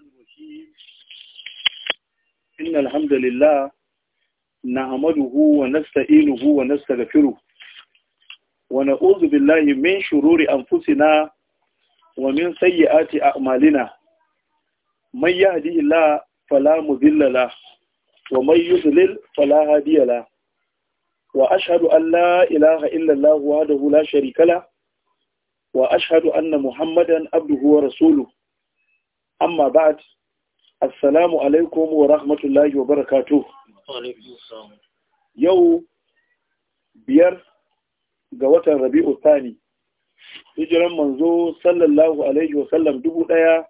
الرحمن الرحيم إن الحمد لله نعمده ونستئينه ونستغفره ونعوذ بالله من شرور أنفسنا ومن سيئات أعمالنا من يهدي الله فلا مذل له ومن يذلل فلا هادي له وأشهد أن لا إله إلا الله وحده لا شريك له وأشهد أن محمدا عبده ورسوله amma a assalamu alaikum wa rahmatullahi wa barakatu yau biyar ga watan rabi'u tani hijiran manzo sallallahu alaihi wa sallam dubu daya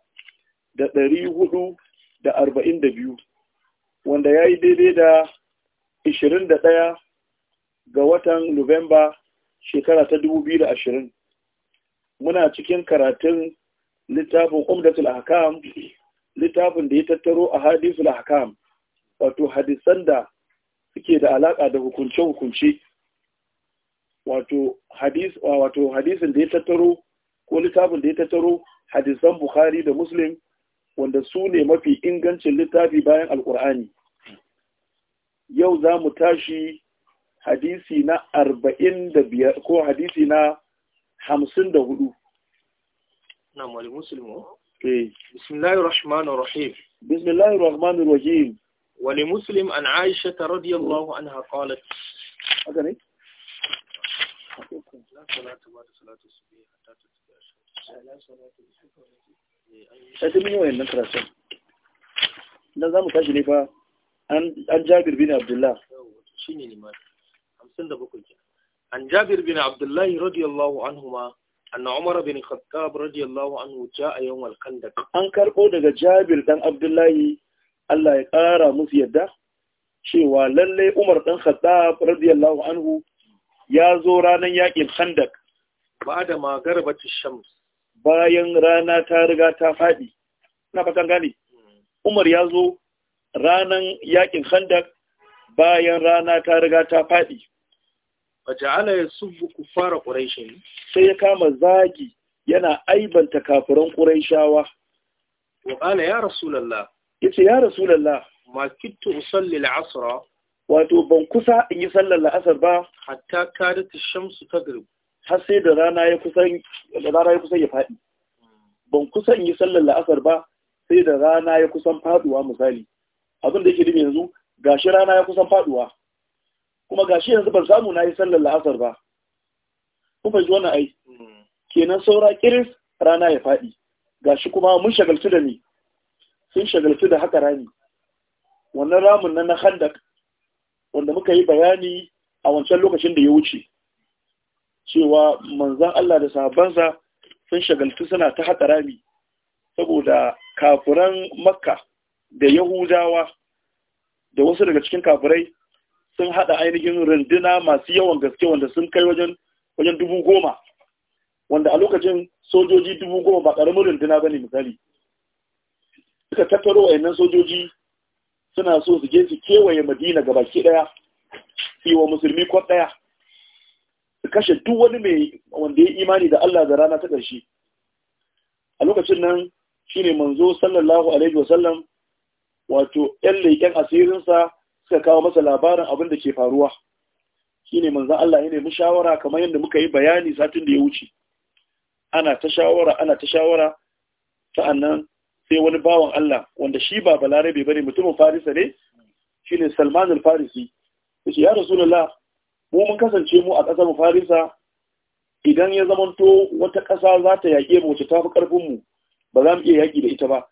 da dari hudu da arba'in da biyu wanda ya yi daidai da ishirin da daya ga watan nuwamba shekara ta dubu biyu da ashirin muna cikin karatun littafin umdatul ahkam littafin da ya tattaro ahadisul ahkam wato hadisan da suke da alaka da hukunce hukunce wato hadis wato hadisin da ya tattaro ko littafin da ya tattaro hadisan bukhari da muslim wanda su ne mafi ingancin littafi bayan alkur'ani yau za mu tashi hadisi na arba'in da biyar ko hadisi na hamsin da hudu نعم ولمسلم بسم الله الرحمن الرحيم بسم الله الرحمن الرحيم ولمسلم عن عائشة رضي الله عنها قالت أدري لا صلاة بعد صلاة الصبح حتى تتبع لا صلاة وين نقرأ سن عن عن جابر بن عبد الله شيني عن جابر بن عبد الله رضي الله عنهما أن عمر بن الخطاب رضي الله عنه جاء يوم الخندق أن كربو دغ جابر دان عبد الله الله ya ƙara musu yadda cewa lallai Umar dan Khattab radiyallahu anhu ya zo ranar yakin Khandak ba'da ma garbati shams bayan rana ta riga ta faɗi. ina fatan Umar ya zo ranar yakin Khandak bayan rana ta riga ta fadi faja'ala ku fara quraish sai ya kama zagi yana aibanta kafiran quraishawa wa qala ya rasulullah yace ya lalla. ma kitu usalli al wato ban kusa in yi sallar la'asar ba hatta da ta shamsu gari. har sai da rana ya kusan da rana ya kusan ya fadi ban kusa in yi sallar la'asar ba sai da rana ya kusan faduwa misali abin da yake nufi yanzu gashi rana ya kusan faduwa kuma gashi yanzu ban samu na yi sallar la'asar ba kuma zuwa na ai kenan saura kiris rana ya faɗi gashi kuma mun shagaltu da ni sun shagaltu da haka rami. wannan ramin na na handak wanda muka yi bayani a wancan lokacin da ya wuce cewa manzan Allah da sahabbansa sun shagaltu suna ta haka rami saboda kafuran makka da yahudawa da wasu daga cikin kafurai sun haɗa ainihin runduna masu yawan gaske wanda sun kai wajen wajen dubu goma wanda a lokacin sojoji dubu goma ba karamin runduna ba ne misali suka tattaro wayannan sojoji suna so su je su kewaye madina ga baki daya su wa musulmi kwan ɗaya su kashe duk wani mai wanda ya imani da Allah da rana ta ƙarshe a lokacin nan shine manzo sallallahu alaihi wasallam wato 'yan leƙen asirinsa suka kawo masa labarin abin da ke faruwa Shi ne manzon Allah ya nemi shawara kamar yadda muka yi bayani satin da ya wuce ana ta shawara ana ta shawara ta sa'annan sai wani bawan Allah wanda shi ba balarabe bane mutumin Farisa ne Shi ne Salman al-Farisi ce ya Rasulullah mu mun kasance mu a ƙasar Farisa idan ya zamanto wata ƙasa za ta yaƙe mu ta tafi ƙarfin mu ba za mu iya yaƙi da ita ba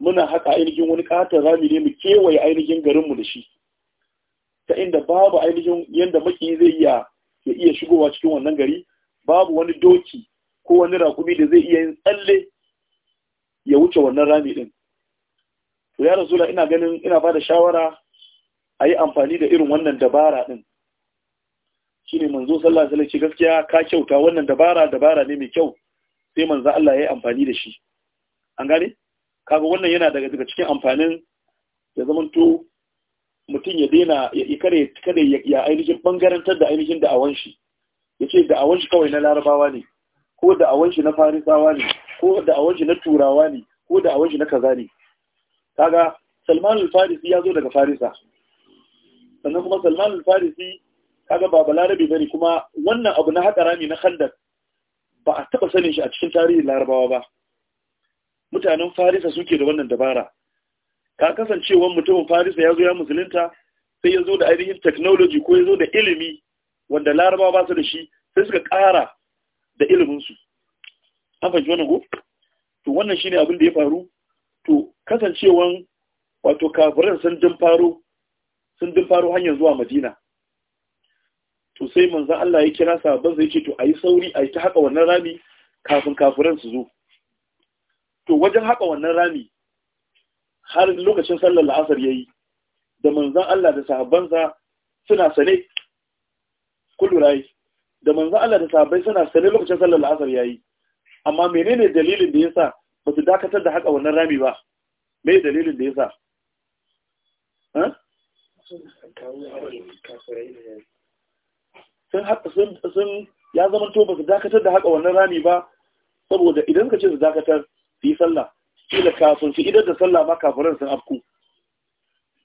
muna haka ainihin wani ƙaton rami ne mu kewaye ainihin garinmu da shi ta inda babu ainihin yadda maki zai iya ya iya shigowa cikin wannan gari babu wani doki ko wani rakumi da zai iya yin tsalle ya wuce wannan rami din to ya rasula ina ganin ina ba da shawara a yi amfani da irin wannan dabara din ne manzo sallah alaihi gaskiya ka kyauta wannan dabara dabara ne mai kyau sai manzo Allah ya yi amfani da shi an gane kaga wannan yana daga cikin amfanin ya zamanto mutum ya daina ya kare ya ainihin bangarantar da ainihin da'awan shi ya ce da'awan shi kawai na larabawa ne ko da'awan shi na farisawa ne ko da'awan shi na turawa ne ko da'awan shi na kaza ne kaga salman alfarisi ya zo daga farisa sannan kuma salman alfarisi kaga ba balarabe bane kuma wannan abu na haɗa rami na khandar ba a taɓa sanin shi a cikin tarihin larabawa ba mutanen farisa suke da wannan dabara ka kasancewan mutumin farisa ya zo ya musulunta sai ya zo da ainihin technology ko ya zo da ilimi wanda laraba ba su da shi sai suka ƙara da iliminsu an fahimci wannan ko to wannan shine abin da ya faru to kasancewan wato kafiran sun din faro sun din faro hanyar zuwa madina to sai manzon Allah ya kira sahabban sai ce to yi sauri ayi ta haka wannan rami kafin kafiran su zo to wajen haka wannan rami har lokacin sallar la'asar ya yi da manzan Allah da sahabbansa suna sane kullu rai, da manzan Allah da sahabbai suna sane lokacin sallar la'asar ya yi amma menene dalilin da ya sa ba su dakatar da haka wannan rami ba me dalilin da ya sa sun haka sun ya zama to ba su dakatar da haka wannan rami ba saboda idan ka ce su dakatar su yi sallah kila kafin su idan da sallah ma kafiran sun afku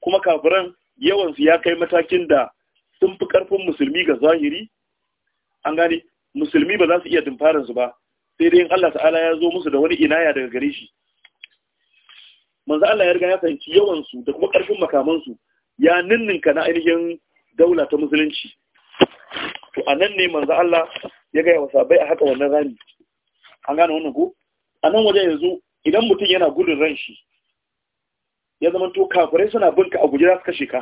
kuma kafiran yawansu ya kai matakin da sun fi karfin musulmi ga zahiri an gane musulmi ba za su iya dumfarin su ba sai dai in Allah ta'ala ya zo musu da wani inaya daga gare shi manzo Allah ya riga ya fahimci yawan su da kuma karfin makaman su ya ninninka na ainihin daula ta musulunci to anan ne manzo Allah ya ga wa sabai a haka wannan rami an gane wannan ko anan waje yanzu idan mutum yana gudun ran shi ya zama to kafirai suna bin ka a guje za su kashe ka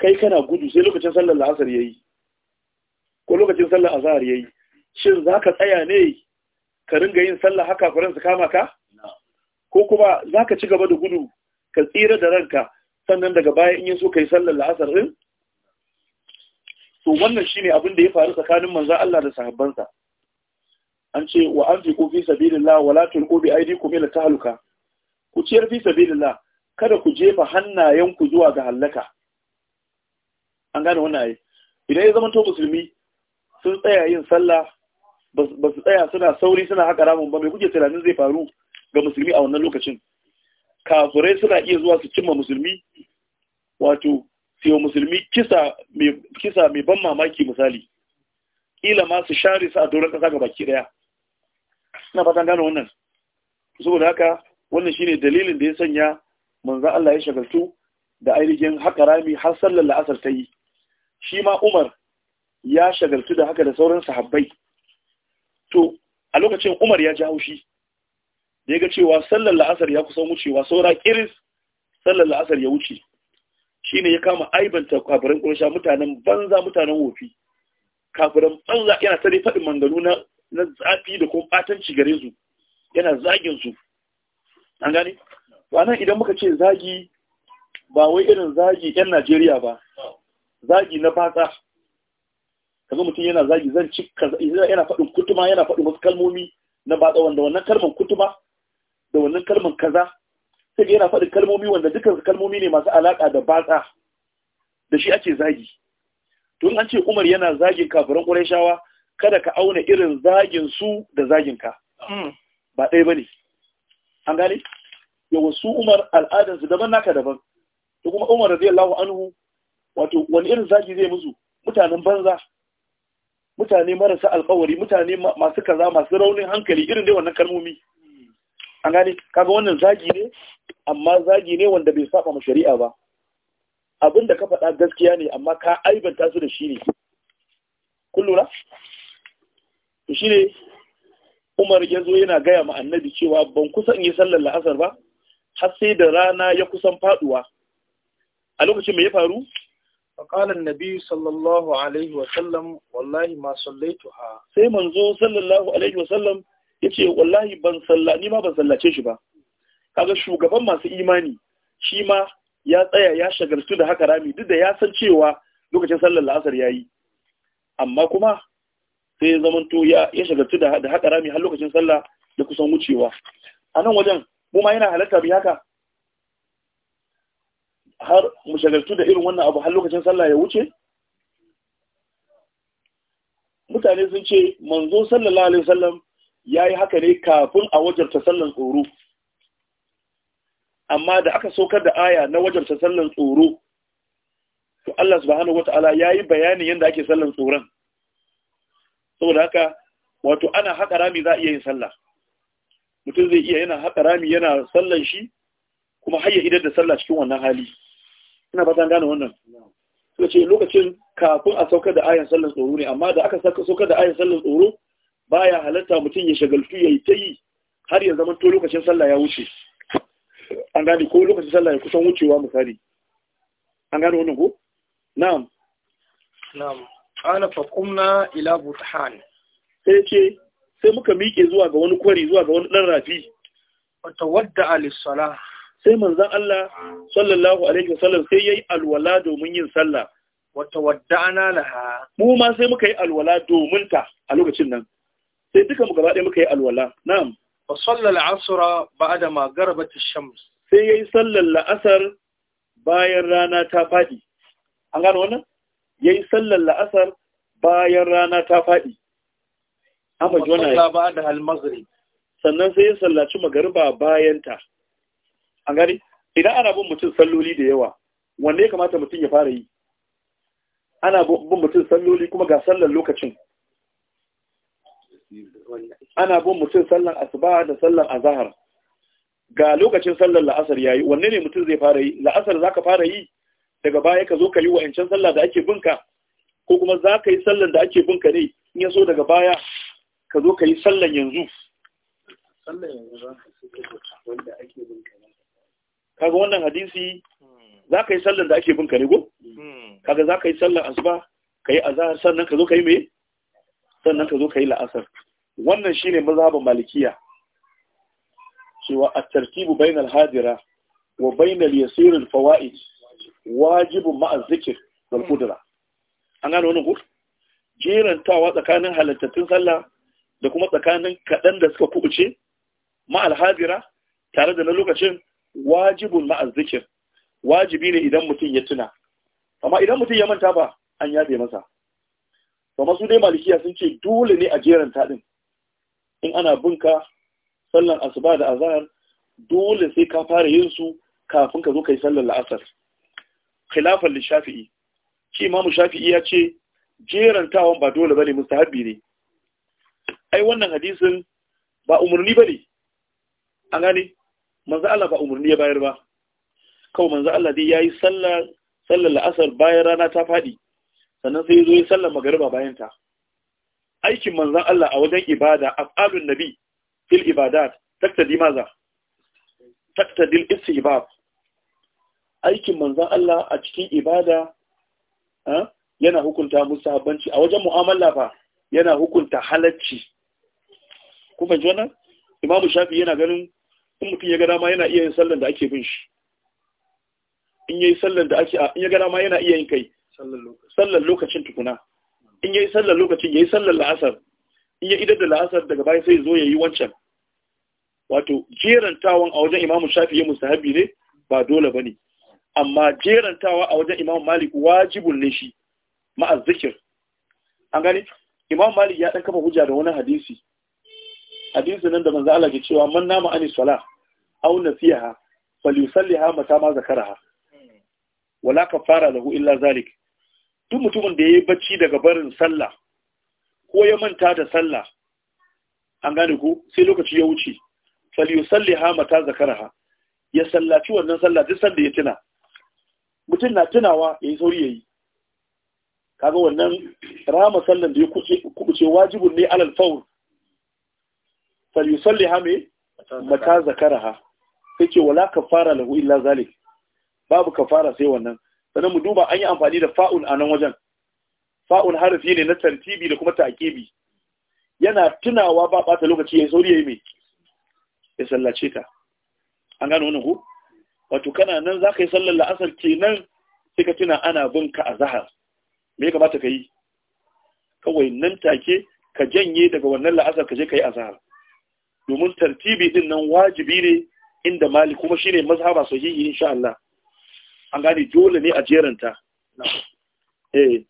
kai kana gudu sai lokacin sallar la'asar ya yi, ko lokacin sallar ya yi, shin ka tsaya ne ka ringa yin sallah haka kafirai su kama ka ko kuma zaka ci gaba da gudu ka tsira da ranka sannan daga baya in so ka yi sallar la'asar din to wannan shine abin da ya faru tsakanin manzo Allah da sahabbansa an ce wa an fi fi sabilillah wa la tulqu bi aydikum ila ku ciyar fi sabilillah kada ku jefa hannayenku zuwa ga hallaka an gane wannan ayi idan ya zama to musulmi sun tsaya yin sallah ba su tsaya suna sauri suna haka ramin ba mai kuke tunanin zai faru ga musulmi a wannan lokacin kafirai suna iya zuwa su cimma musulmi wato siyo musulmi kisa mai ban mamaki misali kila ma su share su a doron kasa ga baki daya ina fatan gano wannan saboda haka wannan shine dalilin da ya sanya manzo Allah ya shagaltu da ainihin haka rami har sallar la'asar ta yi shi ma Umar ya shagaltu da haka da sauran sahabbai to a lokacin Umar ya ji haushi da ya ga cewa sallar la'asar ya kusan wucewa saura kiris sallar la'asar ya wuce shi ya kama aibanta kafirin ƙunsha mutanen banza mutanen wofi kafirin banza yana ta dai faɗin manganu na na zafi da kuma batanci gare su yana zagin su an gane wannan idan muka ce zagi ba wai irin zagi yan Najeriya ba zagi na fata kaga mutum yana zagi zan ci yana faɗin kutuma yana faɗin wasu kalmomi na batsa wanda wannan kalmar kutuma da wannan kalmar kaza sai yana faɗin kalmomi wanda dukkan kalmomi ne masu alaƙa da batsa da shi ake zagi to in an ce Umar yana zagin kafiran Qurayshawa kada ka auna irin zagin su da zagin ka mm. ba ɗaya ba ne. an gane yawa su Umar al'adarsu daban naka daban to kuma Umar da zai lawa anhu wato wani irin zagi zai musu mutanen banza mutane marasa alƙawari mutane masu kaza masu raunin hankali irin dai wannan kalmomi an gane kaga wannan zagi ne amma zagi ne wanda bai saba ma shari'a ba Abinda ka faɗa gaskiya ne amma ka aibanta su da shi ne kun lura to ne Umar ya zo yana gaya ma annabi cewa ban kusa in yi sallar la'asar ba har sai da rana ya kusan faduwa a lokacin mai ya faru فقال nabi sallallahu alaihi wasallam wallahi ma ما ha, sai manzo sallallahu alaihi wasallam ce wallahi ban salla ni ma ban sallace shi ba kaga shugaban masu imani shi ma ya tsaya ya shagaltu da haka rami duk da ya san cewa lokacin sallar la'asar ya yi, amma kuma sai ya to ya shagaltu da haka rami har lokacin sallah da kusan wucewa a nan wajen mu ma yana halatta bi haka har mu shagaltu da irin wannan abu har lokacin sallah ya wuce mutane sun ce manzo sallallahu alaihi wasallam yayi haka ne kafin a wajarta sallan tsoro amma da aka saukar da aya na wajarta sallan tsoro to Allah subhanahu ya yi bayanin yanda ake sallan tsoron saboda haka wato ana haƙa rami za a iya yin sallah mutum zai iya yana haƙa rami yana sallan shi kuma har ya da sallah cikin wannan hali ina fatan gane wannan suka ce lokacin kafin a saukar da ayan sallan tsoro ne amma da aka saukar da ayan sallan tsoro baya halatta mutum ya shagaltu ya yi ta yi har ya zama to lokacin sallah ya wuce an gane ko lokacin sallah ya kusan wucewa misali an gane wannan ko na'am na'am qala fa qumna ila buthan sai ce sai muka miƙe zuwa ga wani kwari zuwa ga wani dan rafi wa tawadda salah sai manzon Allah sallallahu alaihi wasallam sai yayi alwala domin yin sallah wa tawadda'na laha mu ma sai muka yi alwala domin ta a lokacin nan sai duka mu gaba ɗaya muka yi alwala na'am wa sallal asra ba'da ma garabat ash-shams sai yayi sallar la'asar bayan rana ta fadi an gano wannan ya yi sallar la'asar bayan rana ta faɗi amma jona ba da halmazari sannan sai ya sallaci magariba bayan ta an gani idan ana bin mutum salloli da yawa wanda ya kamata mutum ya fara yi ana bin mutum salloli kuma ga sallar lokacin ana bin mutum sallar asuba da sallar azahar ga lokacin sallar la'asar ya yi. wanne ne mutum zai fara yi la'asar za ka fara yi daga baya ka zo ka yi wa'ancan sallah da ake binka ko kuma za ka yi sallan da ake binka ne in ya so daga baya ka zo ka yi sallan yanzu kaga wannan hadisi za ka yi sallan da ake binka ne ko kaga za ka yi sallan asuba ka yi azahar sannan ka zo ka yi me sannan ka zo ka yi la'asar wannan shine mazhabin malikiya cewa at-tartibu bainal hadira wa bainal yasirin al-fawaid Wajibin ma'a zikir wal an gano wannan ko jerantawa tsakanin halittattun sallah da kuma tsakanin kaɗan da suka kubuce ma'al hadira tare da na lokacin wajibin ma'az wajibi ne idan mutum ya tuna amma idan mutum ya manta ba an yabe masa amma su dai malikiya sun ce dole ne a jeran taɗin in ana binka sallan asuba da azhar dole sai ka fara yin su kafin ka zo kai sallar la'asar khilafan lishafi'i shi imamu shafi'i ya ce jerantawan ba dole bane mustahabbi ne ai wannan hadisin ba umarni bane an gane manzo Allah ba umarni ya bayar ba kawai manzo Allah dai yayi sallar sallar la'asar bayan rana ta fadi sannan sai yazo ya sallar magariba bayan ta aikin manzo Allah a wajen ibada af'alun nabi fil ibadat taktadi maza taktadi al-istihbab aikin manzan Allah a cikin ibada yana hukunta musabanci a wajen mu'amala fa yana hukunta halacci ku fahimci wannan imamu shafi yana ganin in mutum ya gada ma yana iya yin sallan da ake bin shi in yayi sallan da ake in ya gada ma yana iya yin kai sallan lokacin tukuna in yayi sallan lokacin yayi sallan la'asar in ya idar da la'asar daga baya sai zo yayi wancan wato jerantawan a wajen imamu shafi ya musahabi ne ba dole bane amma jerantawa a wajen imam malik wajibun ne shi ma'a zikir an gani imam malik ya dan kama hujja da wani hadisi hadisi nan da manzo Allah ke cewa man nama ani sala aw nasiha falyusalliha mata ma zakaraha wala kafara lahu illa zalik duk mutumin da yayi bacci daga barin sallah ko ya manta da sallah an gane ku sai lokaci ya wuce falyusalliha mata zakaraha ya sallaci wannan sallah duk sanda ya tuna mutum na tunawa ya yi sauri ya yi kaga wannan rama sallan da ya kubuce wajibun ne alal faul falyusalli ha me mata zakara ha sai ce wala kafara lahu illa zalik babu kafara sai wannan sannan mu duba an yi amfani da fa'un a nan wajen fa'un harafi ne na tartibi da kuma ta'kibi yana tunawa ba bata lokaci ya yi sauri ya yi me ya sallace ta an gano wannan ko wato kana nan za ka yi sallar la'asar nan sai ka tuna ana bin ka a zahar me ya kamata ka yi kawai nan take ka janye daga wannan la'asar ka je ka yi a zahar domin tartibi din nan wajibi ne inda mali kuma shi ba mazhaba yi insha Allah an gane dole ne a jeranta eh.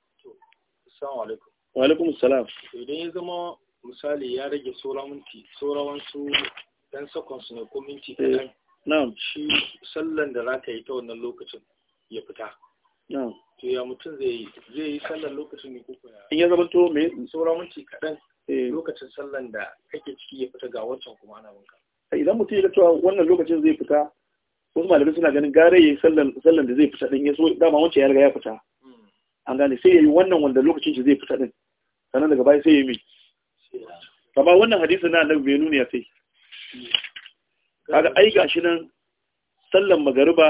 wa alaikum idan ya zama misali ya rage tsoron minti sauran wasu sakon su ne ko minti kadan eh. na'am shi sallan da za ka yi ta wannan lokacin ya fita na'am to ya mutum zai yi zai yi sallan lokacin ne ko in ya zama to me sauran minti kaɗan eh. lokacin sallan da kake ciki ya fita ga wancan kuma ana wanka eh, idan mutum ya cewa wannan lokacin zai fita wasu malamai suna ganin gare ya yi sallan da zai fita din ya so dama wancan ya riga ya fita hmm. an gane sai ya yi wannan wanda lokacin shi zai fita din sannan daga baya sai ya yi mai amma wannan hadisin na annabi bai nuna ya sai hmm. kaga ai gashi nan sallan magariba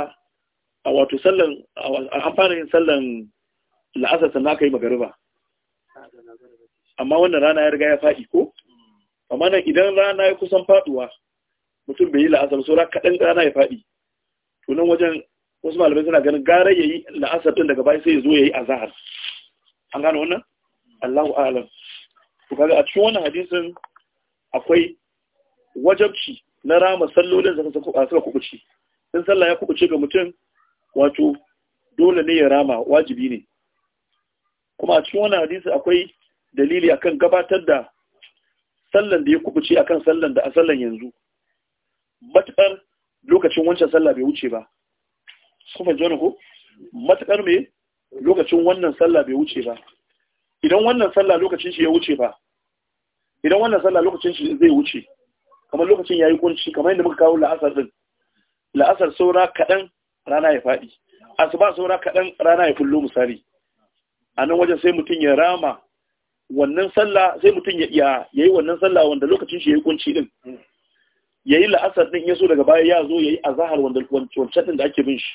a wato sallan a fara yin sallan la'asar sannan aka yi magariba amma wannan rana ya riga ya faɗi ko amma nan idan rana ya kusan faɗuwa mutum bai yi la'asar ra kaɗan rana ya faɗi to nan wajen wasu malamai suna ganin gara ya yi la'asar ɗin daga baya sai ya zo ya yi azahar an gano wannan allahu alam to kaga a cikin wannan hadisin akwai wajabci na rama sallolin a suka kubuci in sallah ya kubuce ga mutum wato dole ne ya rama wajibi ne kuma a cikin wannan hadisi akwai dalili akan gabatar da sallan da ya kubuce akan sallan da a sallan yanzu matukar lokacin wancan sallah bai wuce ba kuma jona ko matukar me lokacin wannan sallah bai wuce ba idan wannan sallah lokacin shi ya wuce ba idan wannan sallah lokacin shi zai wuce kamar lokacin yayi kunci kamar yadda muka kawo la'asar din la'asar saura kaɗan rana ya faɗi asuba saura kaɗan rana ya fullo misali a nan wajen sai mutum ya rama wannan sallah sai mutum ya yi wannan sallah wanda lokacin shi ya yi kunci din ya yi la'asar din ya so daga baya ya zo ya yi azahar wanda wancan din da ake bin shi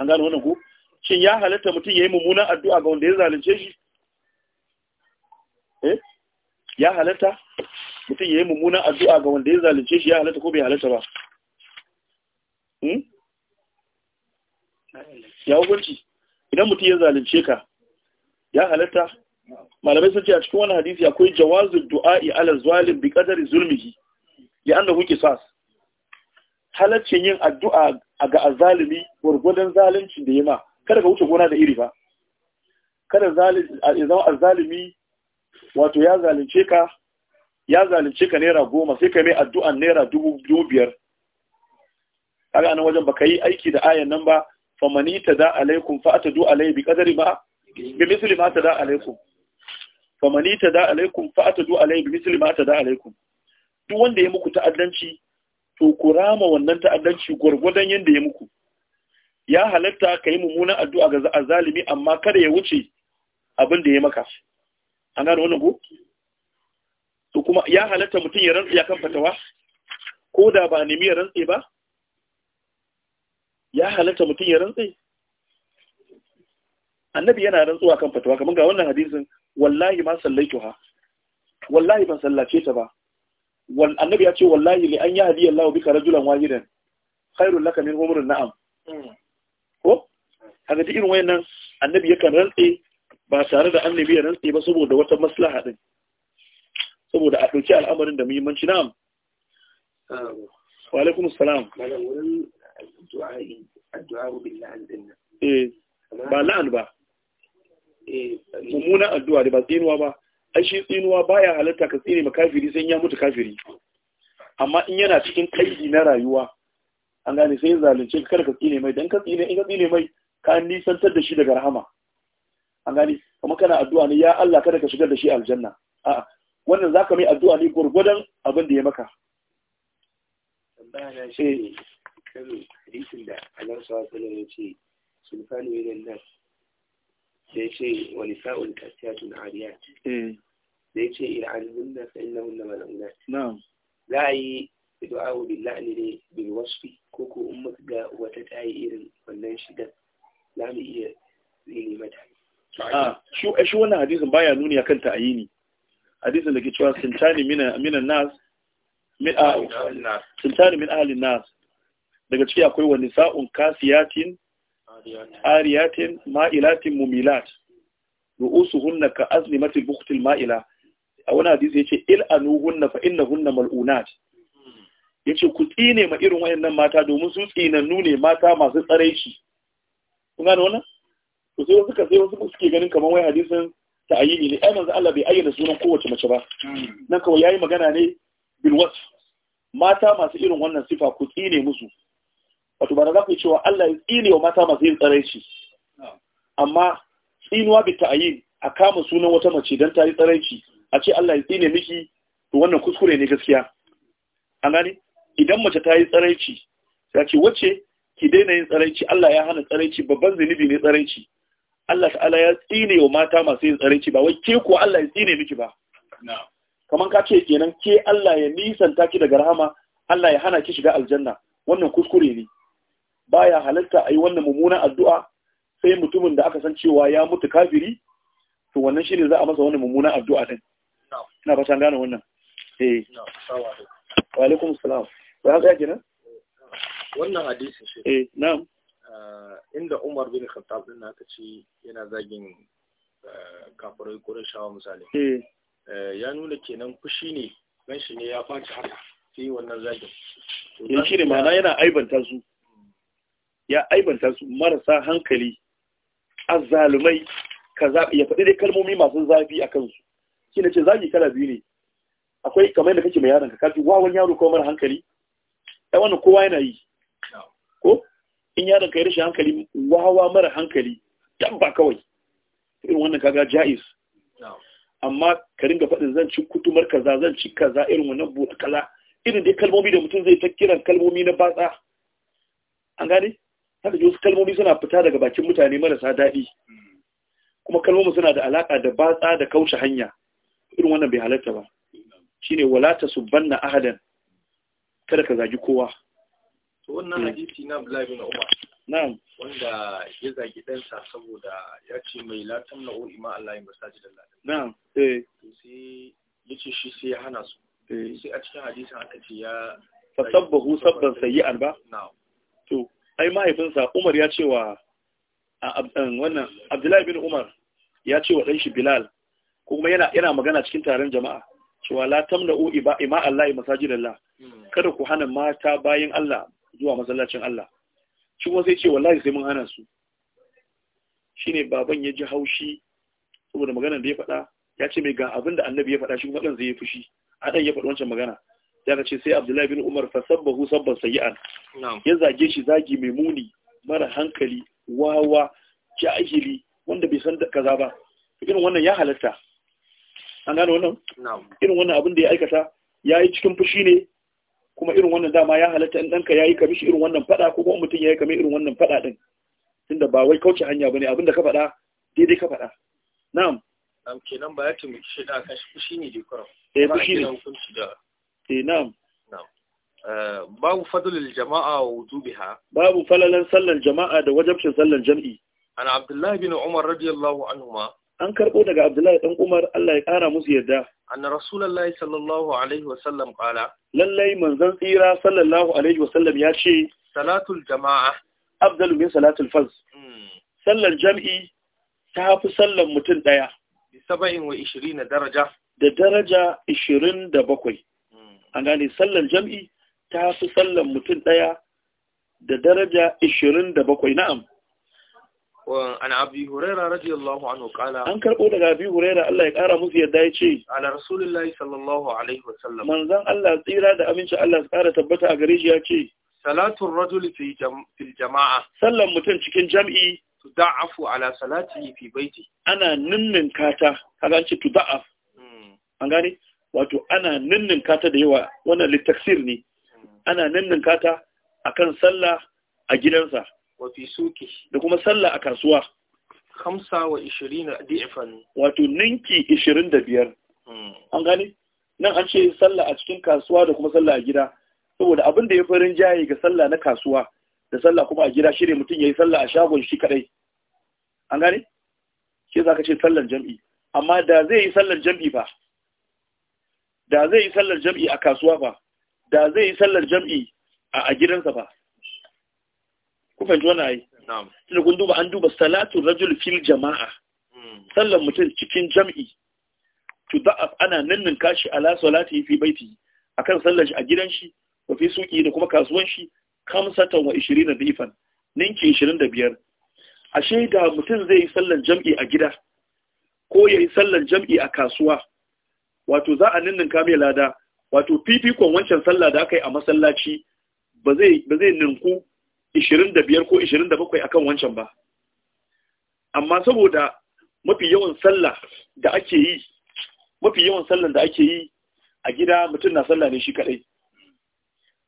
an gano wannan ko shin ya halatta mutum ya yi mummunan addu'a ga wanda ya zalunce shi eh ya halatta mutum ya yi mummunan addu'a ga wanda ya zalunce shi ya halatta ko bai halatta ba hmm? ya hukunci idan mutum ya zalunce ka ya halatta malamai sun ce a cikin wani hadisi akwai jawazin du'a'i ala zalim bi kadari zulmihi ya huke sas. halaccin yin addu'a ga azalimi gwargwadon zalincin da yima kada ka wuce gona da iri ba kada zalimi wato ya zalunce ka ya zalunce ka naira goma sai ka mai addu'an naira dubu biyar kaga nan wajen baka yi aiki da ayan nan ba fa mani ta da alaikum fa du alai bi kadari ba, bi misli ma ta da alaikum fa mani ta da alaikum fa du alai bi misli ma ta da alaikum duk wanda ya muku ta'addanci to ku rama wannan ta'addanci gurgurdan yanda ya muku ya halatta ka yi mummunan addu'a ga zalimi amma kada ya wuce abin da ya maka an gano wannan go? to kuma ya halatta mutum ya rantsi akan fatawa ko da ba nemi ya rantsi ba ya halatta mutum ya rantsa? annabi yana rantsuwa kan fatawa kamar ga wannan hadisin wallahi ma sallaituha wallahi ban sallace ta ba annabi ya ce wallahi li an yi hadiyar lawa bika rajulan wahidan khairul laka min umrun na'am hmm. ko haka duk irin wayannan annabi yakan rantse ba tare da annabi ya rantse ba saboda wata maslaha din saboda a ɗauki al'amarin da muhimmanci na'am wa Walaikun salam eh, ba la'an ba eh, mummunan addu'a da ba tsinuwa ba ai shi tsinuwa ya halatta ka tsine ma kafiri sai ya mutu kafiri amma in yana cikin kaidi na rayuwa an gane sai zalunce kar ka tsine mai dan ka tsine in ka tsine mai ka nisantar da shi daga rahama an gane kuma kana addu'a ne ya Allah kada ka shigar da shi aljanna a'a wannan za ka mai addu'a ne gwargwadon abin da ya maka tambaya shi kan hadisin da Allah sa sallallahu alaihi ce sulfanu yana nan da ya ce wani sa'ul a ariya eh. da ya ce ila'alhun na fa'in na hunna malamuna za a yi bin la'ani ne bin wasfi ko ko in muka ga wata ta yi irin wannan shigar za mu iya zini mata ah, shi wannan hadisin baya nuni akan ta'ayini hadisin da ke cewa sintani minan nas sintani min ahalin nas daga ciki akwai wani sa'un kasiyatin ariyatin ma'ilatin mumilat hunna ka azlimati buqtil ma'ila a wani hadisi yace hunna fa innahunna mal'unat ce ku tsine ma irin wayannan mata domin su tsinannu ne mata masu tsare shi kun gane wannan to sai wasu ka sai wasu suke ganin kamar wai hadisin ta'ayini ne ai manzo Allah bai ayyana sunan kowace mace ba hmm. nan kawai yayi magana ne bil wasf mata masu irin wannan sifa ku tsine musu wato ba za ku yi cewa Allah ya tsine wa mata masu yin tsaraici hmm. amma tsinuwa bi yi a kama sunan wata mace dan ta yi tsaraici a ce Allah ya tsine miki to wannan kuskure ne gaskiya an gane idan mace ta yi tsaraici sai ce wacce ki daina yin tsaraici Allah ya hana tsaraici babban zunubi ne tsaraici Allah ta'ala ya tsine wa mata masu yin tsareci ba wai ke ko Allah ya tsine miki ba kaman ka ce kenan ke Allah ya nisanta ki daga rahama Allah ya hana ki shiga aljanna wannan kuskure ne baya a yi wannan mummunan addu'a sai mutumin da aka san cewa ya mutu kafiri to wannan shine za a masa wannan mummunan addu'a din ina fatan gane wannan eh wa alaikum salam ba haka kenan wannan hadisi shi eh na'am inda Umar bin Khattab din aka ce yana zagin kafirai rashawa misali ya nuna kenan fushi ne dan shi ne ya faci haka sai wannan zagin to shi ne ma'ana yana aibanta su ya aibanta su marasa hankali azzalumai kaza ya faɗi dai kalmomi masu zafi a kansu shi ne ce zagi kala biyu ne akwai kamar da kake mai yaron ka kafi wawan yaro ko mara hankali ɗan wannan kowa yana yi in yaron ka yi rashin hankali wawa mara hankali dan ba kawai irin wannan kaga jais amma ka ringa faɗin zan ci kutumar kaza zan ci kaza irin wannan buɗe kaza irin dai kalmomi da mutum zai ta kiran kalmomi na batsa an gane haka wasu kalmomi suna fita daga bakin mutane marasa daɗi kuma kalmomi suna da alaƙa da batsa da kaushe hanya irin wannan bai halatta ba shine wala ta subanna ahadan kada ka zagi kowa to wannan hmm. hadisi na Abdullahi bin Umar na'am wanda ya zagi ɗansa saboda ya ce mai latan na o'i ma Allah ya masaji da ladan na'am eh to sai ya ce shi sai ya hana su eh. sai a cikin hadisin aka ce ya fasabbahu sabban sayyi'an ba na'am to ai mahaifinsa Umar ya ce wa wannan Abdullahi bin Umar ya ce wa ɗan shi Bilal kuma yana yana magana cikin taron jama'a cewa la tamna'u ima Allah masajidallah hmm. kada ku hana mata bayin Allah zuwa masallacin Allah shi kuma sai ce wallahi sai mun hana su shine baban ya ji haushi saboda maganar da ya faɗa ya ce mai ga abin da annabi ya faɗa shi kuma ɗan zai yi fushi a ɗan ya faɗi wancan magana ya ce sai abdullahi bin umar fasabbahu sabban sayi'an ya zage shi zagi mai muni mara hankali wawa jahili wanda bai san kaza ba irin wannan ya halatta an gane wannan irin wannan abin da ya aikata ya yi cikin fushi ne kuma irin wannan dama ya halatta in ɗanka ya yi ka mishi irin wannan faɗa ko kuma mutum ya yi kamar irin wannan faɗa ɗin da ba wai kauce hanya ba ne abinda ka faɗa daidai ka faɗa na'am am kenan ba ya tumiki shi da kan shi fushi ne dai kuram eh fushi ne hukunci da eh na'am na'am eh, babu fadlul jama'a wa wujubiha babu falalan sallar jama'a da wajibcin sallar jam'i ana abdullahi bin umar radiyallahu anhuma an karɓo daga Abdullahi ɗan Umar Allah ya ƙara musu yarda. Anna Rasulullahi sallallahu alaihi wa sallam ƙala. Lallai manzon tsira sallallahu alaihi wa sallam ya ce. Salatul jama'a. Abdul min salatul faz. Hmm. Sallar jam'i ta fi sallar mutum ɗaya. Bi saba'in wa ishirin na daraja. Da daraja ishirin da bakwai. Hmm. An gane sallar jam'i ta fi sallar mutum ɗaya da daraja ishirin da bakwai na'am. an abi huraira radiyallahu anhu qala an karbo daga abi huraira Allah ya kara musu ya ce A rasulullahi sallallahu alaihi wasallam manzon Allah tsira da aminci Allah su kara tabbata a gare shi ya ce salatul rajul fi jama'a sallan mutum cikin jam'i tuda'afu ala salati fi baiti ana ninnin kata kaga ce tuda'af hmm. an wato ana ninnin kata da yawa wannan litaksir ne hmm. ana ninnin kata akan sallah a gidansa wa fi da kuma sallah a kasuwa hamsa wa 20 di'fan wato ninki ishirin da biyar. Hmm. an gani? nan an ce sallah a cikin kasuwa da kuma sallah a gida saboda abin da ya farin jaye ga sallah na kasuwa da sallah kuma a gida shirin mutum ya yi sallah a shagon shi kadai an gani? shi ka ce sallar jam'i amma da zai yi sallar jam'i ba da zai yi sallar jam'i a kasuwa ba da zai yi sallar jam'i a gidansa ba ku fahimci wannan ai tunda kun duba an duba salatu rajul fil jama'a hmm. sallan mutum cikin jam'i to da ana nannin kashi ala salati fi baiti akan sallar shi a gidan shi ko fi suki da kuma kasuwan shi kamsatan wa 20 difan ninki 25 ashe da mutum zai yi sallan jam'i a gida ko ya yi sallan jam'i a kasuwa wato za a ninnin kame lada wato fifikon wancan sallah da aka yi a masallaci ba zai ninku 25 ko 27 akan wancan ba amma saboda mafi yawan sallah da ake yi mafi yawan sallan da ake yi a gida mutum na sallah ne shi kadai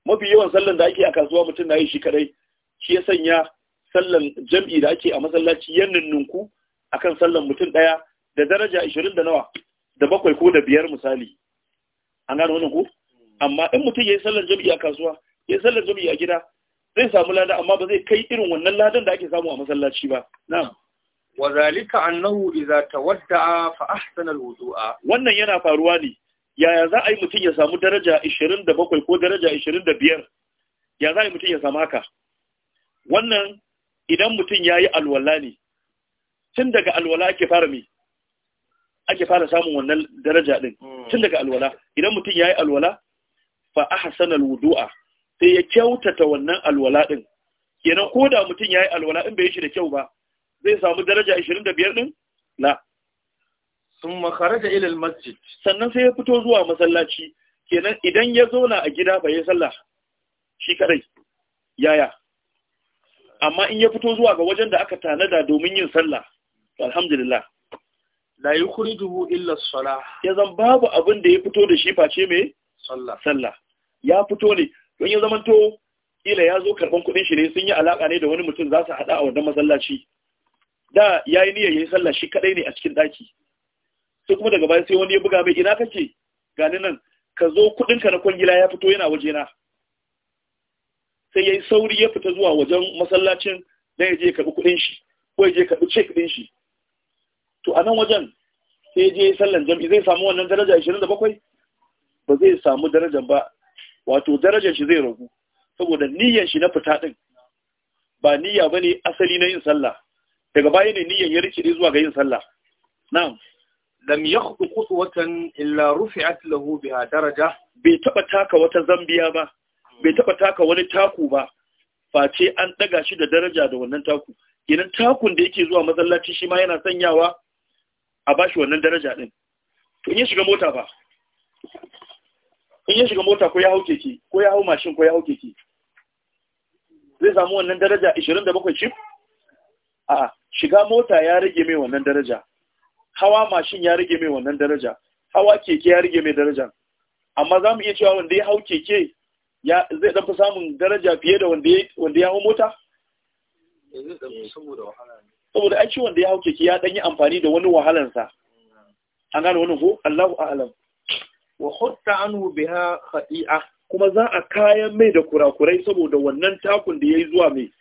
mafi yawan sallan da ake a kasuwa mutum na yi shi kadai shi ya sanya sallan jam'i da ake a masallaci yan a akan sallan mutum daya da daraja 20 da nawa da bakwai ko da biyar misali an gano wannan ko amma in mutum ya yi sallan jam'i a kasuwa ya yi sallan jam'i a gida zai samu lada amma ba zai kai irin wannan ladan da ake samu a masallaci ba na wa zalika annahu idza tawadda'a fa ahsana alwudu'a wannan yana faruwa ne yaya za a yi mutum ya samu daraja 27 ko daraja 25 ya za a yi mutum ya samu haka wannan idan mutum ya yi alwala ne tun daga alwala ake fara mai ake fara samun wannan daraja din hmm. tun daga alwala idan mutum ya yi alwala fa ahsana alwudu'a sai ya kyautata wannan alwala din kenan ko da mutum ya alwala in bai shi da kyau ba zai samu daraja 25 din la makara da ilil masjid. sannan sai ya fito zuwa masallaci kenan idan ya zauna a gida ba ya sallah shi kadai yaya amma in ya fito zuwa ga wajen da aka tanada domin yin sallah alhamdulillah la yukhrijuhu illa as-salah ya zan babu abin da ya fito da shi face me sallah sallah ya fito ne don ya zamanto kila ya zo karban kuɗin shi ne sun yi alaƙa ne da wani mutum za su haɗa a wannan masallaci da ya yi niyyar ya yi sallah shi kaɗai ne a cikin ɗaki sai kuma daga baya sai wani ya buga mai ina kake gani nan ka zo ka na kwangila ya fito yana na. sai ya yi sauri ya fita zuwa wajen masallacin na ya je ya karɓi kuɗin shi ko ya je ya karɓi cek ɗin shi to a nan wajen sai ya je sallan jam'i zai samu wannan daraja 27 ba zai samu darajar ba wato darajar shi zai ragu saboda niyyar shi na fita din ba niyya bane asali na yin sallah daga baya ne niyyar ya rike zuwa ga yin sallah na'am lam yakhdu qutwatan illa rufi'at lahu biha daraja bai taba taka wata zambiya ba bai taba taka wani taku ba face an daga shi da daraja da wannan taku idan takun da yake zuwa masallaci shi ma yana sanyawa a bashi wannan daraja din to in ya shiga mota ba in ya shiga mota ko ya hau keke ko ya hau mashin ko ya hau keke zai samu wannan daraja 27 chip a shiga mota ya rage mai wannan daraja hawa mashin ya rage mai wannan daraja hawa keke ya rage mai daraja amma za mu iya cewa wanda ya hau keke zai dan fi samun daraja fiye da wanda ya hau mota eh, saboda aiki wanda ya hau keke ya ɗanyi yi amfani da wani wahalansa an gane wani ko Allahu a'alam wa hutta anhu biha khati'a kuma za a kayan mai da kurakurai saboda wannan takun da yayi zuwa mai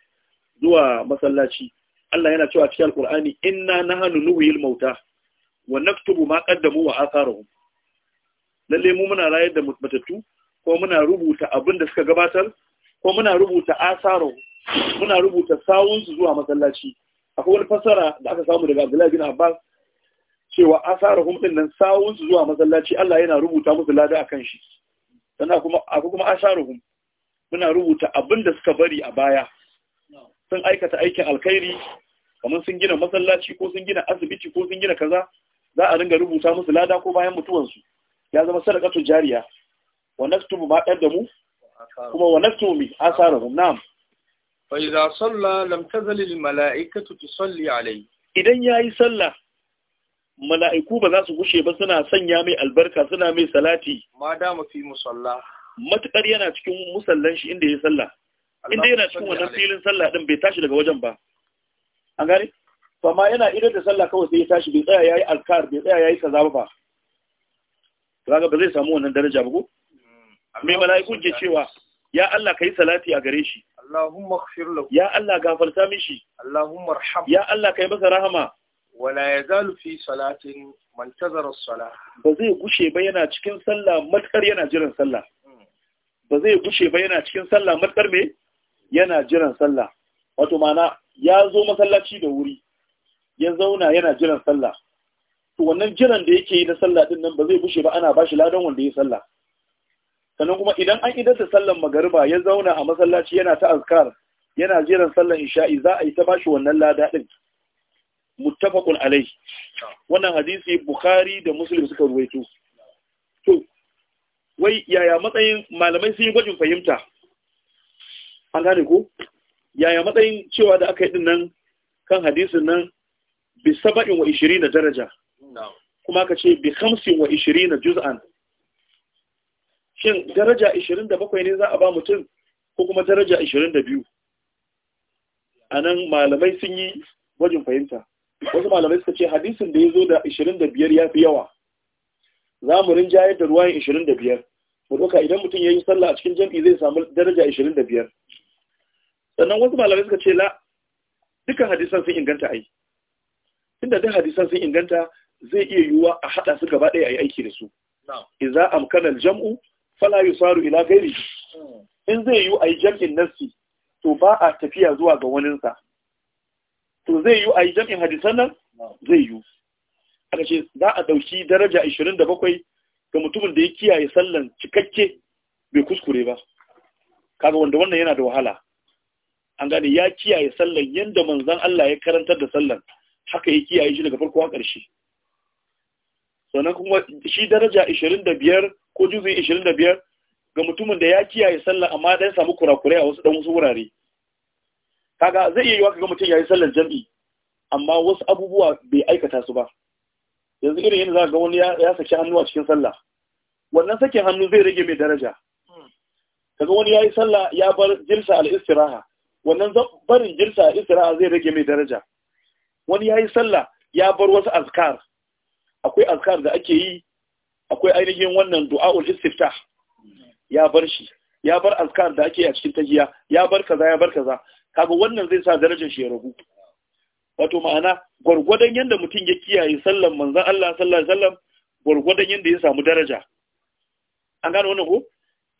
zuwa masallaci Allah yana cewa cikin Al-Qur'ani inna nahnu nuhyil mauta wa naktubu ma qaddamu wa atharuhum lalle mu muna rayar da matattu ko muna rubuta abin da suka gabatar ko muna rubuta asaro muna rubuta sawun zuwa masallaci akwai wani fasara da aka samu daga Abdullahi bin Abbas cewa asarahum din nan sawun su zuwa masallaci Allah yana rubuta musu lada a kan shi sana kuma akwai kuma asharuhum muna rubuta abin da suka bari a baya sun aikata aikin alkhairi kamar sun gina masallaci ko sun gina asibiti ko sun gina kaza za a ringa rubuta musu lada ko bayan mutuwansu ya zama sadaqatu jariya wa naktubu ma qaddamu kuma wa naktubu mi asarahum na'am fa idza salla lam tazali al mala'ikatu tusalli alayhi idan yayi sallah mala'iku ba za su gushe ba suna sanya mai albarka suna mai salati ma dama fi musalla Matuƙar yana cikin musallan shi inda ya sallah inda yana cikin wannan filin sallah din bai tashi daga wajen ba an gare? to amma yana idan da sallah kawai sai ya tashi bai tsaya yayi alkar bai tsaya yayi kaza ba kaga ba zai samu wannan daraja ba ko mai hmm. mala'iku ke cewa ya Allah kai salati a gare shi Allahumma ighfir lahu ya Allah gafarta mishi Allahumma arham ya Allah kai masa rahama wala ya zalu fi salatin mantazara sala ba zai gushe ba yana cikin sallah matkar yana jiran sallah ba zai gushe ba yana cikin sallah matkar me yana jiran sallah wato mana ya zo masallaci da wuri ya zauna yana jiran sallah to wannan jiran da yake yi na sallah din nan ba zai gushe ba ana bashi ladan wanda ya sallah sannan kuma idan an idar da sallan magariba ya zauna a masallaci yana ta azkar yana jiran sallan isha'i za a yi ta bashi wannan lada din muttafaqun alayhi wannan hadisi bukhari da muslim suka ruwaito to wai yaya matsayin malamai sun yi gwajin fahimta an gane ko yaya matsayin cewa da aka yi dinnan kan hadisin nan bi saba'in wa ishirin da daraja kuma ka ce bi hamsin wa ishirin da juz'an shin daraja ishirin da bakwai ne za a ba mutum ko kuma daraja ishirin da biyu a nan malamai sun yi gwajin fahimta wasu malamai suka ce hadisin da ya zo da 25 ya fi yawa za mu rinjayar da ruwayan 25 mutuka idan mutum ya yi sallah a cikin jam'i zai samu daraja 25 sannan wasu malamai suka ce la dukkan hadisan sun inganta ai inda duk hadisan sun inganta zai iya yiwuwa a haɗa su gaba ɗaya a yi aiki da su idza amkana al-jam'u fala yusaru ila ghairi hmm. in zai yiwu a yi jam'in nassi to ba a tafiya zuwa ga waninsa to zai yi a yi jam'in hadisan nan zai yi A ƙashe za a ɗauki daraja 27 ga mutumin da ya kiyaye sallan cikakke bai kuskure ba kaga wanda wannan yana da wahala an gane ya kiyaye sallan yadda manzan Allah ya karantar da sallan haka ya kiyaye shi daga farko a ƙarshe sannan kuma shi daraja 25 ko juzi 25 ga mutumin da ya kiyaye sallan amma ɗan samu kurakurai a wasu ɗan wasu wurare kaga zai iya yiwa kaga mutum yayi sallar jam'i amma wasu abubuwa bai aikata su ba yanzu irin yadda za ga wani ya saki hannu a cikin sallah wannan sakin hannu zai rage mai daraja kaga wani yayi sallah ya bar jilsa al-istiraha wannan barin jilsa al-istiraha zai rage mai daraja wani yayi sallah ya bar wasu azkar akwai azkar da ake yi akwai ainihin wannan du'a'ul istiftah ya bar shi ya bar azkar da ake a cikin tahiya ya bar kaza ya bar kaza kaga wannan zai sa darajar shi ya ragu wato ma'ana gwargwadon yadda mutum ya kiyaye sallan manzan Allah sallallahu alaihi wasallam gwargwadon yadda ya samu daraja an gano wannan ko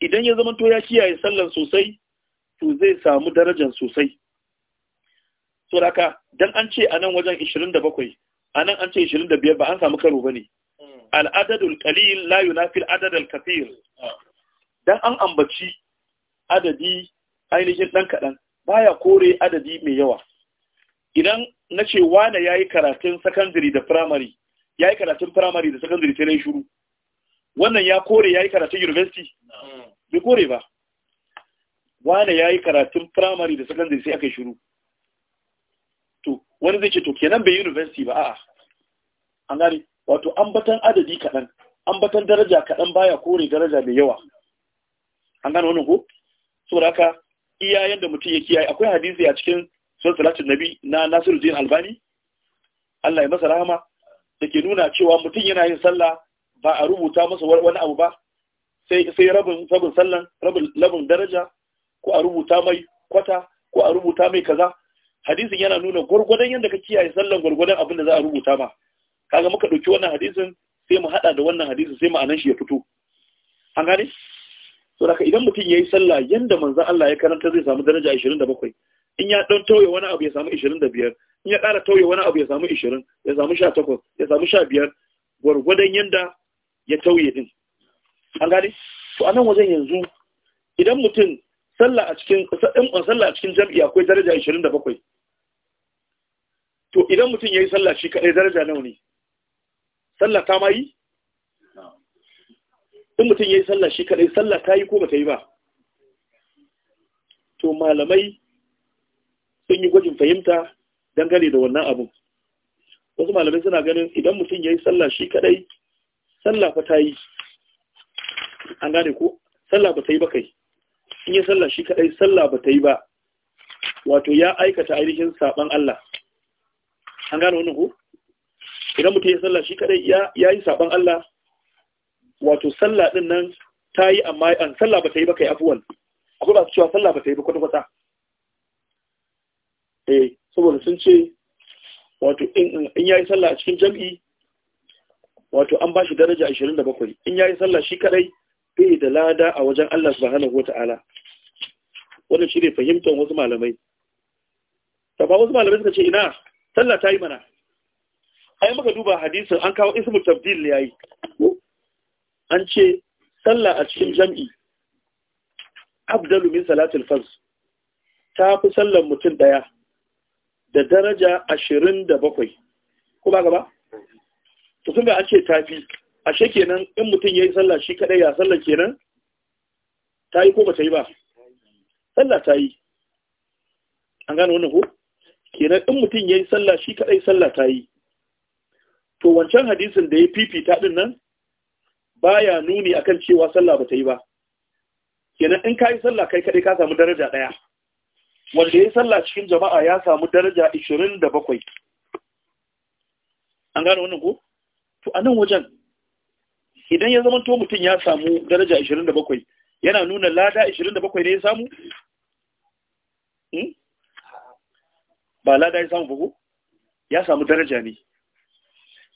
idan ya zama to ya kiyaye sallan sosai to zai samu darajar sosai so haka dan an ce anan wajen 27 anan an ce 25 ba an samu karo bane al'adadul qalil la yunafi al'adadul kathir ah. dan an ambaci adadi ainihin dan kadan baya kore adadi mai yawa idan na ce wane ya yi karatun sakandare da firamare ya yi karatun firamare da sakandare sai na yi shuru wannan ya kore ya yi karatun university bai kore ba wane ya yi karatun firamare da sakandare sai aka yi shuru to wani zai ce to kenan bai university ba a'a an gani. wato ambatan adadi kaɗan ambatan daraja kaɗan baya kore daraja mai yawa an gani wannan ko saboda haka iya yanda mutum ya kiyaye akwai hadisi a cikin sun salatin nabi na Nasiru nasiruddin albani Allah ya masa rahama da ke nuna cewa mutum yana yin sallah ba a rubuta masa wani abu ba sai sai rabin rabin sallan rabin labin daraja ko a rubuta mai kwata ko a rubuta mai kaza hadisin yana nuna gwargwadon yadda ka kiyaye sallan gwargwadon abin da za a rubuta ba. kaga muka ɗauki wannan hadisin sai mu haɗa da wannan hadisin sai anan shi ya fito an gane so da idan mutum ya yi sallah yadda manzan Allah ya karanta zai samu daraja 27 in ya dan tauye wani abu ya samu 25 in ya ƙara tauye wani abu ya samu 20 ya samu 18 ya samu 15 gwargwadon yadda ya tauye din an gani to anan wajen yanzu idan mutum sallah a cikin sallah a cikin jam'i akwai daraja 27 to idan mutum ya yi sallah shi kaɗai daraja nawa ne sallah ta ma yi in mutum ya yi sallah shi kaɗai sallah ta yi ko ba ta yi ba to malamai sun yi gwajin fahimta dangane da wannan abu wasu malamai suna ganin idan mutum ya yi sallah shi kaɗai sallah fa ta yi an gane ko sallah ba ta yi ba kai in yi sallah shi kaɗai sallah ba ta yi ba wato ya aikata ainihin saɓan Allah an gane wannan ko idan mutum ya sallah shi kaɗai ya yi saɓan Allah wato sallah din nan ta yi amma an sallah ba ta yi ba kai afuwan akwai ba su cewa sallah ba ta yi ba kwata-kwata eh saboda sun ce wato in ya yi sallah a cikin jam'i wato an ba shi daraja 27 in ya yi sallah shi kadai bai da lada a wajen Allah subhanahu ta'ala. wannan shi ne fahimtar wasu malamai ta ba wasu malamai suka ce ina sallah ta yi mana ai muka duba hadisin an kawo ismu tabdil yayi an ce sallah a cikin jam'i abdalu min salatul fars ta fi sallan mutum ɗaya da daraja ashirin da bakwai ko ba gaba? to sun a ce tafi ashe kenan in mutum ya yi sallah shi kaɗai ya sallah kenan ta yi ko ba ta yi ba sallah ta yi an gano wannan ko kenan in mutum ya yi sallah shi kaɗai sallah ta yi to wancan hadisin da ya fifita din nan baya nuni akan cewa sallah ba ta yi ba kenan in kai sallah kai kaɗai ka samu daraja ɗaya wanda ya yi sallah cikin jama'a ya samu daraja ishirin da bakwai an gane wannan ko to a nan wajen idan ya to mutum ya samu daraja ishirin da bakwai yana nuna lada ishirin da bakwai ne ya samu hmm? ba lada ya samu ba ko ya samu daraja ne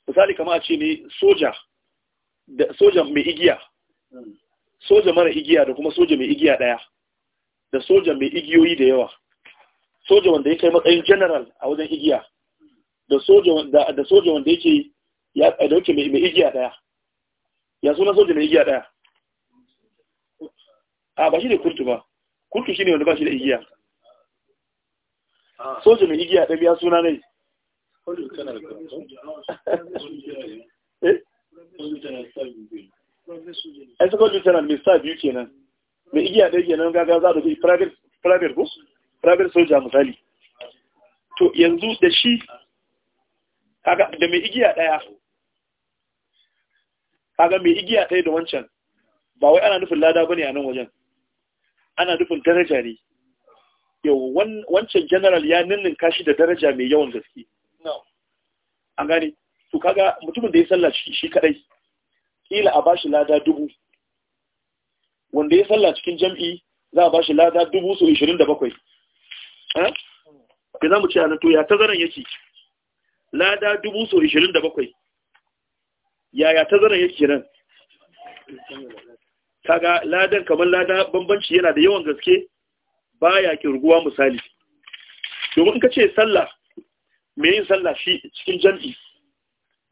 misali kama a ce ne soja da soja mai igiya hmm. soja mara igiya da kuma soja mai igiya daya da soja mai igiyoyi da yawa soja wanda ya kai matsayin general a wajen igiya da soja wanda da soja wanda yake ya dauke mai mai igiya daya ya suna soja mai igiya daya a ba shi ne kurtu ba kurtu shine wanda ba shi da igiya ah. soja mai igiya ɗaya ya suna ne ai suka wajen tana mai sa biyu kenan mai igiya ɗaya kenan gaga za a ɗauki private bus private soja misali to yanzu da shi da mai igiya ɗaya kaga mai igiya ɗaya da wancan ba wai ana nufin lada bane a nan wajen ana nufin daraja ne yau wancan general ya ninninka shi da daraja mai yawan gaske an gane to kaga mutumin da ya sallah shi kadai kila a bashi lada dubu wanda ya sallah cikin jam'i za a bashi lada dubu so 27 eh ke zamu ci anan to ya tazaran yake lada dubu so 27 yaya tazaran yake nan kaga ladan kamar lada bambanci yana da yawan gaske baya kirguwa misali domin ka ce sallah me yin sallah shi cikin jam'i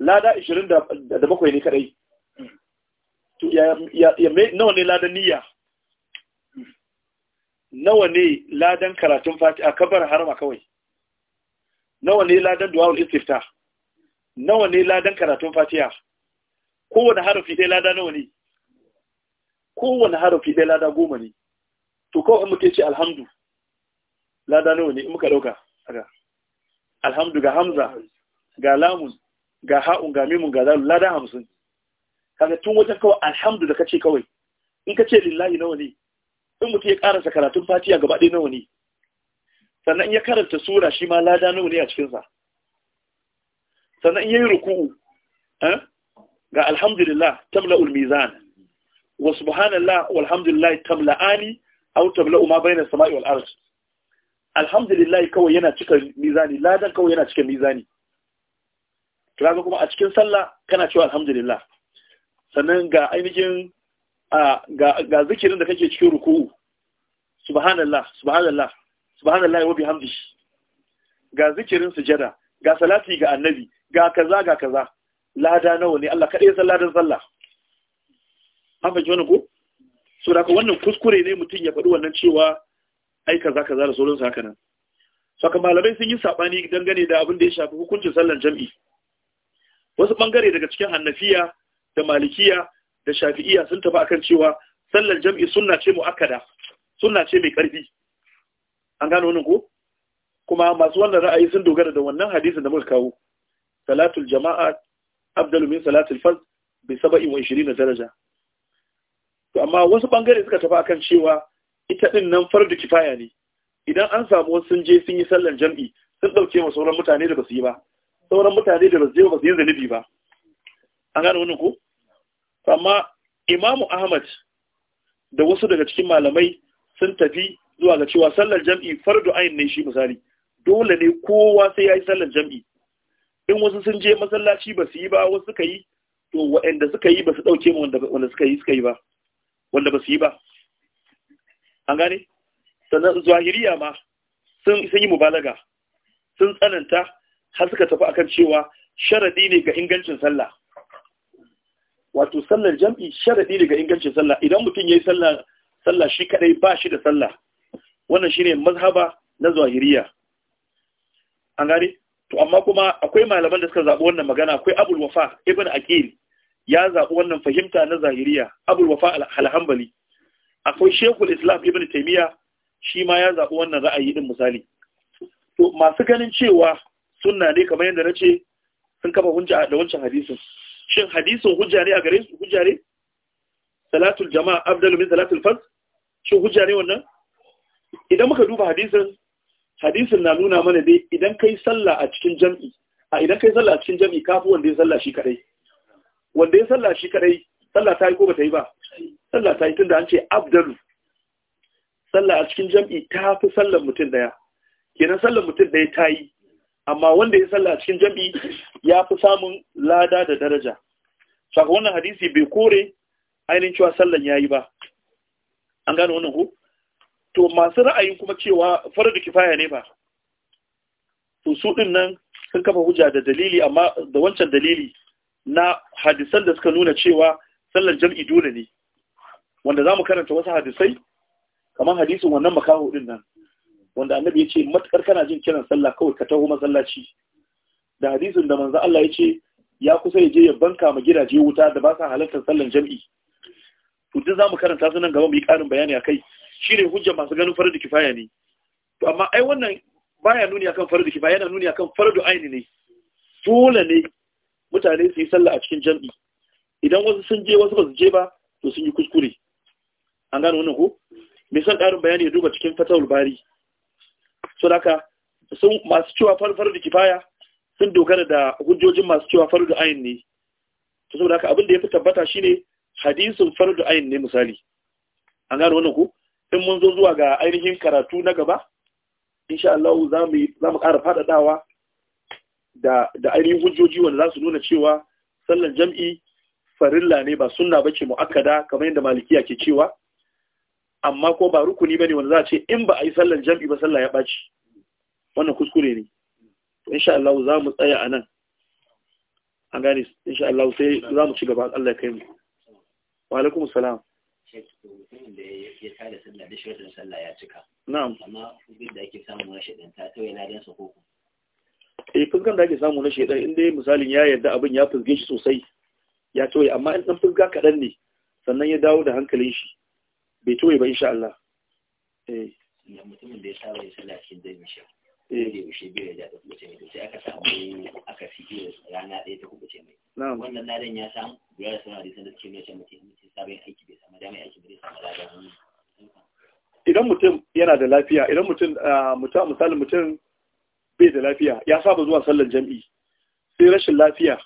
lada 27 ne kadai to ya nawa ne ladan niyya nawa ne ladan karatun fatiha kabar harama kawai nawa ne ladan du'a istifta nawa ne ladan karatun fatiha kowane harafi dai lada nawa ne kowane harafi dai lada goma ne to kawai muke ce alhamdu lada nawa ne muka dauka alhamdu ga hamza ga lamun ga ha'un ga mimun ga zalu lada hamsin kaga tun wajen kawai alhamdu da kace kawai in kace lillahi nawa ne in mutum ya karanta karatun fatiya gaba ɗaya nawa ne sannan in ya karanta sura shi ma lada nawa ne a cikinsa sannan in yayi ruku'u eh? ga alhamdulillah tamla'ul mizan wa subhanallah walhamdulillah ani aw tamla ma bayna samai wal ard alhamdulillah kawai yana cika mizani ladan kawai yana cika mizani to kuma a cikin sallah kana cewa alhamdulillah sannan ga ainihin ga zikirin da kake cikin ruku'u subhanallah subhanallah subhanallah wa bihamdihi ga zikirin sujada ga salati ga annabi ga kaza ga kaza lada nawa ne Allah ya san ladan sallah amma fahimci wannan ko so da wannan kuskure ne mutum ya faɗi wannan cewa ai kaza kaza da sauransu haka nan saka malamai sun yi sabani dangane da abin da ya shafi hukuncin sallar jam'i wasu bangare daga cikin hannafiya da malikiya da shafi'iya sun tafi akan cewa sallar jam'i sunna ce mu'akkada sunna ce mai karfi an gano wannan ko kuma masu wannan ra'ayi sun dogara da wannan hadisin da muka kawo salatul jama'a afdalu min salatul fard bi 27 daraja to amma wasu bangare suka tafi akan cewa ita din nan fardu kifaya ne idan an samu sun je sun yi sallar jam'i sun dauke wa sauran mutane da basu yi ba sauran mutane da rasu je ba su yi zanibi ba an gane wani ko amma imamu ahmad da wasu daga cikin malamai sun tafi zuwa ga cewa sallar jam'i fardu ayin ne shi misali dole ne kowa sai ya yi sallar jam'i in wasu sun je masallaci ba su yi ba wasu suka yi to waɗanda suka yi ba su ɗauke ma wanda suka yi suka yi ba wanda ba su yi ba an gane sannan zahiriya ma sun yi mubalaga sun tsananta har suka tafi akan cewa sharadi ne ga ingancin sallah wato sallar jam'i sharadi ne ga ingancin sallah idan mutum ya yi sallah shi kadai ba shi da sallah wannan shine mazhaba na zahiriya an gane to amma kuma akwai malaman da suka zabi wannan magana akwai Abul Wafa Ibn Aqil ya zabi wannan fahimta na zahiriya Abul Wafa al akwai shekul Islam Ibn taymiya shi ma ya zabi wannan ra'ayi din misali to masu ganin cewa sunna ne kamar yadda na ce sun kafa hujja da wancan hadisin shin hadisin hujja ne a gare su hujja ne salatul jama'a abdul min salatul fard shin hujja ne wannan idan muka duba hadisin hadisin na nuna mana dai idan kai sallah a cikin jam'i a idan kai sallah a cikin jam'i kafu wanda ya sallah shi kadai wanda ya sallah shi kadai sallah ta yi ko bata yi ba sallah ta yi tunda an ce abdul sallah a cikin jam'i ta fi sallar mutum daya kenan sallar mutum daya ta yi amma wanda ya sallah cikin jam'i ya fi samun lada da daraja saka wannan hadisi bai kore ainihin cewa sallan ya yi ba an gane wannan ko to masu ra'ayin kuma cewa da kifaya ne ba to su ɗin nan sun kafa hujja da dalili amma da wancan dalili na hadisan da suka nuna cewa sallan jam'i dole ne wanda za mu karanta wasu hadisai kamar hadisin wannan makaho ɗin nan wanda annabi ya ce matukar kana jin kiran sallah kawai ka taho masallaci da hadisin da manzo Allah ya ce ya kusa ya je ya banka ma gidaje wuta da ba sa halartar sallan jam'i to duk zamu karanta su nan gaba mu yi karin bayani akai shine hujja masu ganin fardu kifaya ne to amma ai wannan baya nuni akan fardu kifaya yana nuni akan fardu aini ne dole ne mutane su yi sallah a cikin jam'i idan wasu sun je wasu ba su je ba to sun yi kuskure an gano wannan ko me son ƙarin bayani ya duba cikin fatawul bari so daka sun masu cewa farfar da kifaya sun dogara da hujjojin masu cewa da ayin ne to saboda haka abin da yafi tabbata shine hadisin da ayin ne misali an gano wannan ku? in mun zo zuwa ga ainihin karatu na gaba insha Allah za mu za mu ƙara faɗaɗawa da da ainihin hujjoji wanda za su nuna cewa sallar jam'i farilla ne ba sunna ke mu'akkada kamar yadda malikiya ke cewa amma ko ba rukuni bane wanda za a ce in ba a yi sallar jam'i ba sallah ya ɓaci wannan kuskure ne insha Allah za mu tsaya a nan an gane insha Allah sai za mu ci gaba Allah ya kai mu wa alaikum salam da ya cika na'am amma fuskar da ake samu na shaidan ta tawaye ladan sa koko eh fuskar da ake samu na shedan in dai misalin ya yarda abin ya fuske shi sosai ya tawaye amma in dan fuska kaɗan ne sannan ya dawo da hankalin shi bai tuwai ba insha Allah. Eh. Idan mutum yana da lafiya, idan mutum a ah, misali mutum bai da lafiya, ya saba zuwa sallar jam’i, sai rashin lafiya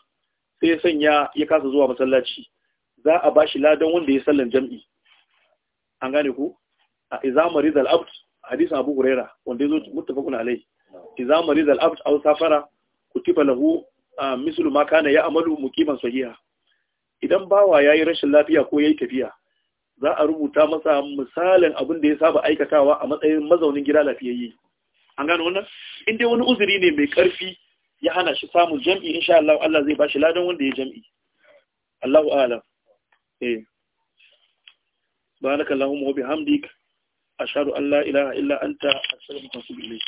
sai ya sanya ya kasa zuwa masallaci, za a ba shi ladan wanda ya sallar jam’i. an gane ku a izama rizal abd abu huraira wanda ya zo muttafaqun alai izama rizal abd aw safara kutiba lahu mislu ma kana ya'malu muqiman sahiha idan bawa ya yi rashin lafiya ko ya yi tafiya za a rubuta masa misalin abin da ya saba aikatawa a matsayin mazaunin gida lafiyayye an gane wannan in dai wani uzuri ne mai karfi ya hana shi samun jam'i insha Allah Allah zai bashi ladan wanda ya jam'i Allahu a'lam eh subhanakallahumma Mobi bihamdik a an Allah, ilaha illa anta astaghfiruka wa atubu ilayk